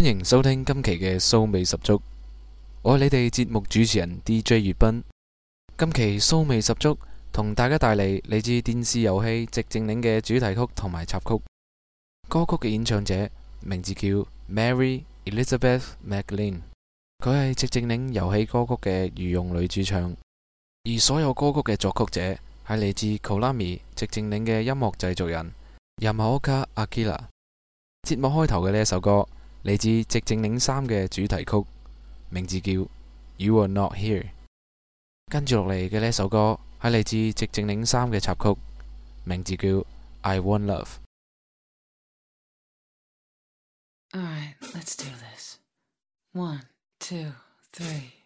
歡迎收聽今期嘅騷味十足，我係你哋節目主持人 D J 粵斌。今期騷味十足，同大家帶嚟嚟自電視遊戲《寂靜嶺》嘅主題曲同埋插曲。歌曲嘅演唱者名字叫 Mary Elizabeth McGlynn，a 佢係《寂靜嶺》遊戲歌曲嘅御用女主唱。而所有歌曲嘅作曲者係嚟自 Konami《寂靜嶺》嘅音樂製作人，Yamaoka Akira。節目開頭嘅呢一首歌。嚟自《寂靜嶺三》嘅主題曲，名字叫《You Are Not Here》。跟住落嚟嘅呢一首歌，係嚟自《寂靜嶺三》嘅插曲，名字叫《I Want Love》。right, let's do this. One, two, three.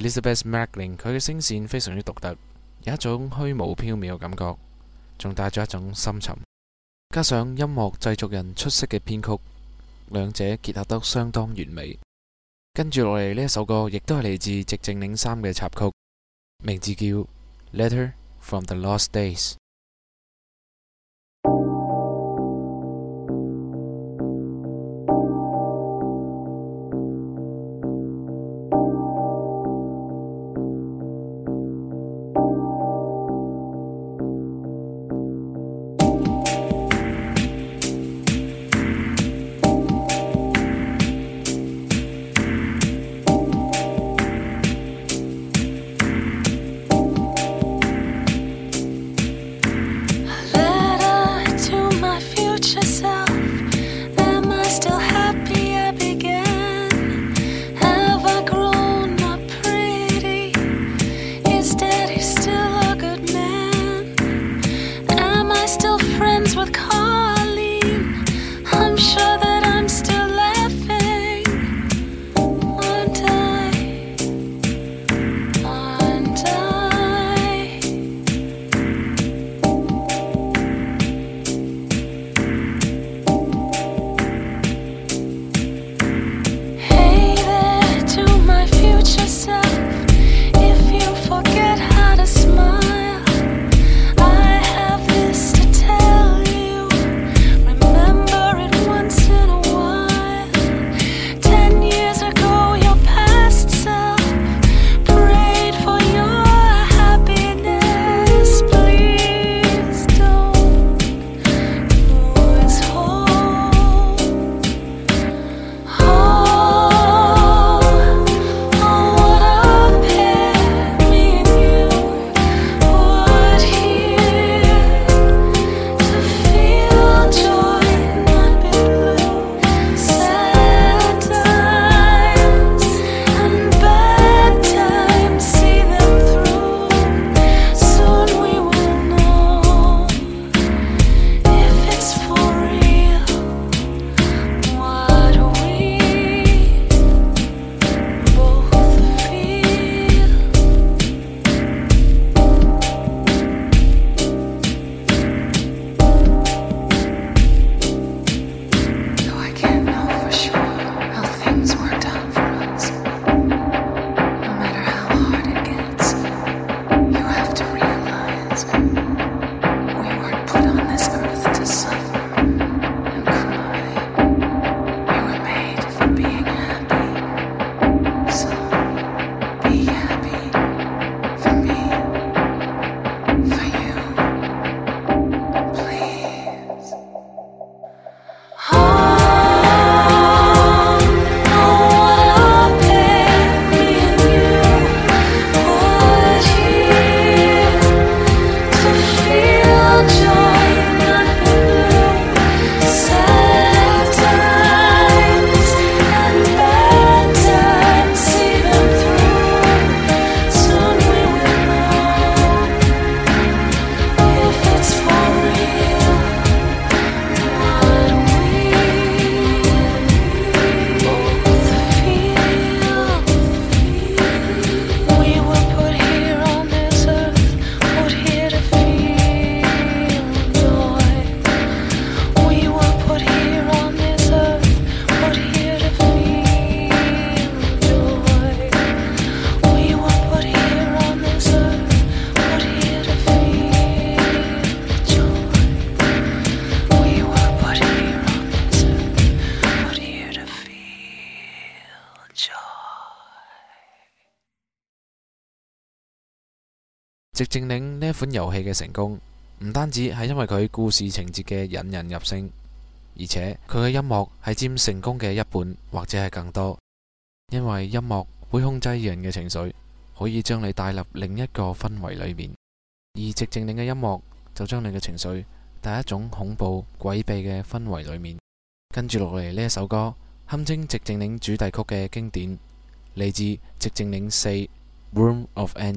Elizabeth McGlynn 佢嘅聲線非常之獨特，有一種虛無縹緲嘅感覺，仲帶咗一種深沉。加上音樂製作人出色嘅編曲，兩者結合得相當完美。跟住落嚟呢一首歌，亦都係嚟自《寂靜嶺三》嘅插曲，名字叫《Letter from the Lost Days》。寂靜嶺呢一款遊戲嘅成功唔單止係因為佢故事情節嘅引人入勝，而且佢嘅音樂係佔成功嘅一半或者係更多，因為音樂會控制人嘅情緒，可以將你帶入另一個氛圍裏面。而即寂靜嶺嘅音樂就將你嘅情緒帶入一種恐怖、詭秘嘅氛圍裏面。跟住落嚟呢一首歌堪稱寂靜嶺主題曲嘅經典，嚟自寂靜嶺四《Room of Angel》。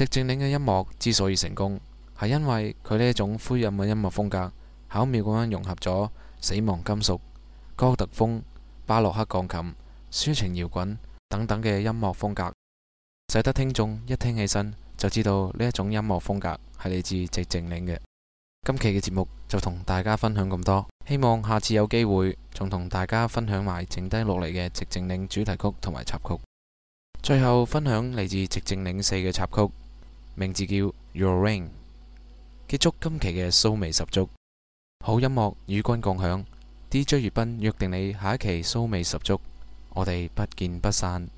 寂靜嶺嘅音樂之所以成功，係因為佢呢一種灰暗嘅音樂風格巧妙咁樣融合咗死亡金屬、哥特風、巴洛克鋼琴、抒情搖滾等等嘅音樂風格，使得聽眾一聽起身就知道呢一種音樂風格係嚟自寂靜嶺嘅。今期嘅節目就同大家分享咁多，希望下次有機會仲同大家分享埋剩低落嚟嘅寂靜嶺主題曲同埋插曲。最後分享嚟自寂靜嶺四嘅插曲。名字叫 Your Ring。結束今期嘅酥味十足，好音樂與君共享。DJ 月斌約定你下一期酥味十足，我哋不見不散。